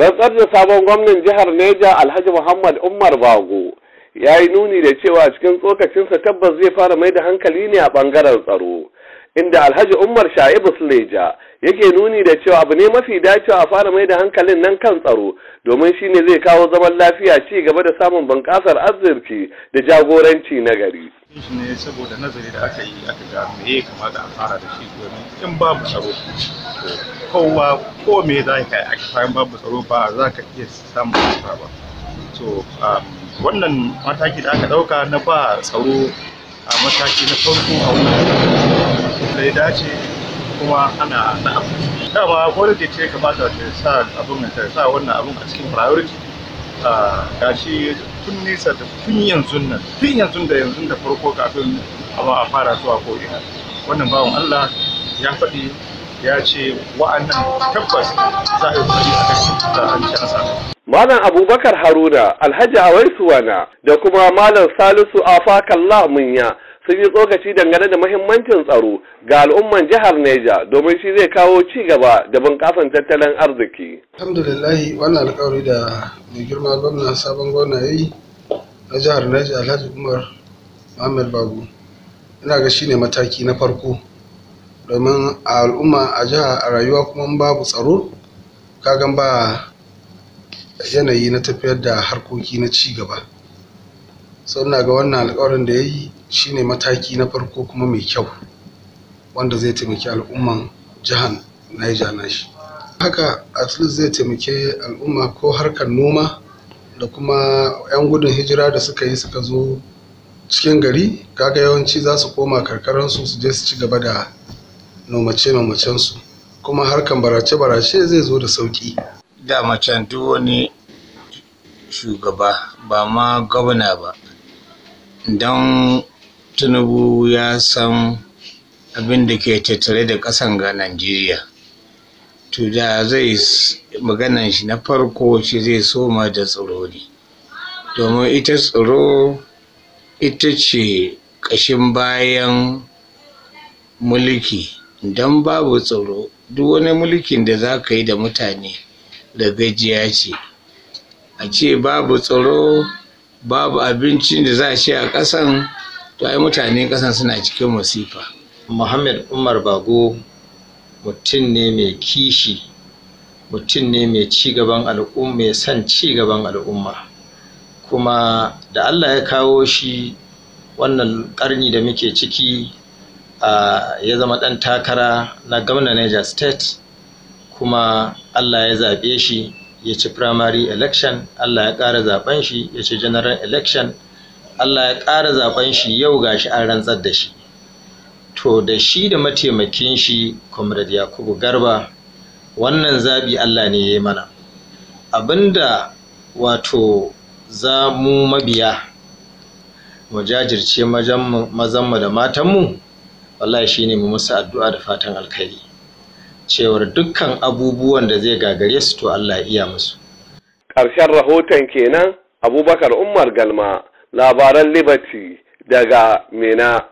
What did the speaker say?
rantsar da sabon gwamnan jihar neja alhaji muhammad umar bago ya yi nuni da cewa cikin tsokacinsa tabbas zai fara mai da hankali ne a bangaren tsaro inda alhaji umar sha'ibu suleja yake nuni da cewa abu ne mafi dacewa a fara mai da hankalin nan kan tsaro domin shi ne zai kawo zaman lafiya ci gaba da samun bunƙasar arziki da jagoranci na gari shi ne saboda nazari da aka yi aka ga me ya kamata a fara da shi domin in babu tsaro kowa ko me za ka yi a kayan babu tsaro ba za ka iya samun nasara ba so um, wannan mataki da aka ɗauka na ba tsaro a mataki na farko a wannan da ya dace kuma ana na dama da ce kamata ta sa abin ta sa wannan abin a cikin priority a Gashi tun nisa da tun yanzu nan tun yanzu da yanzu da farko kafin a fara zuwa ko ina wannan bawan Allah ya faɗi ya ce wa'annan tabbas za a yi kokari a kashe zaben cansa Malam Abubakar Haruna, Alhaji Awaisuwana da kuma Malam Salisu Afakallah Munya sun yi tsokaci dangane da mahimmancin tsaro ga al'umman jihar Neja domin shi zai kawo ci gaba da bunƙasan tattalin arziki. Alhamdulillahi wannan alƙawari da mai girma gwamna sabon gwamna yi na jihar Neja Alhaji Umar Muhammad Babu. Ina ga ne mataki na farko domin a al'umma a jiha a rayuwa kuma babu tsaro kagan ba yanayi na tafiyar da harkoki na ci gaba sau ga wannan alkawarin da ya yi shine mataki na farko kuma mai kyau wanda zai taimaki al'umman jihar Niger nashi haka at zai taimaki al'umma ko harkar noma da kuma 'yan gudun hijira da suka yi suka zo cikin gari kaga yawanci za su koma karkararsu su je su ci gaba da nomace su kuma harkan barace-barace zai zo da sauƙi da macen duk wani shugaba ba ma gwamna ba don tinubu ya san abin da ke tattare da ƙasan ga najeriya to da zai maganan shi na farko shi zai soma da tsaro ne domin ita tsaro ita ce ƙashin bayan mulki don babu tsoro duk wani mulkin da za ka yi da mutane da gajiya ce a ce babu tsoro, babu abincin da za a ce a ƙasan to ai mutane ƙasan suna cikin masifa muhammad umar bago mutum ne mai kishi mutum ne mai cigaban al'umma mai son cigaban al'umma kuma da allah ya kawo shi wannan ƙarni da muke ciki Ah, ya zama ɗan takara na gwamna Niger State kuma Allah ya zaɓe shi ya ci primary election Allah ya ƙara zaɓen shi ya ci general election Allah ya ƙara zaɓen shi yau gashi an rantsar da shi to da shi da mataimakin shi comrade Yakubu Garba wannan zaɓi Allah ne ya yi mana abinda wato za mu mabiya mu jajirce mazanmu da matan mu. wallahi shine mu musu addu'a da fatan alkhairi cewar dukkan abubuwan da zai gagare su to Allah ya iya musu ƙarshen rahoton kenan abubakar umar galma labaran liberty daga Minna.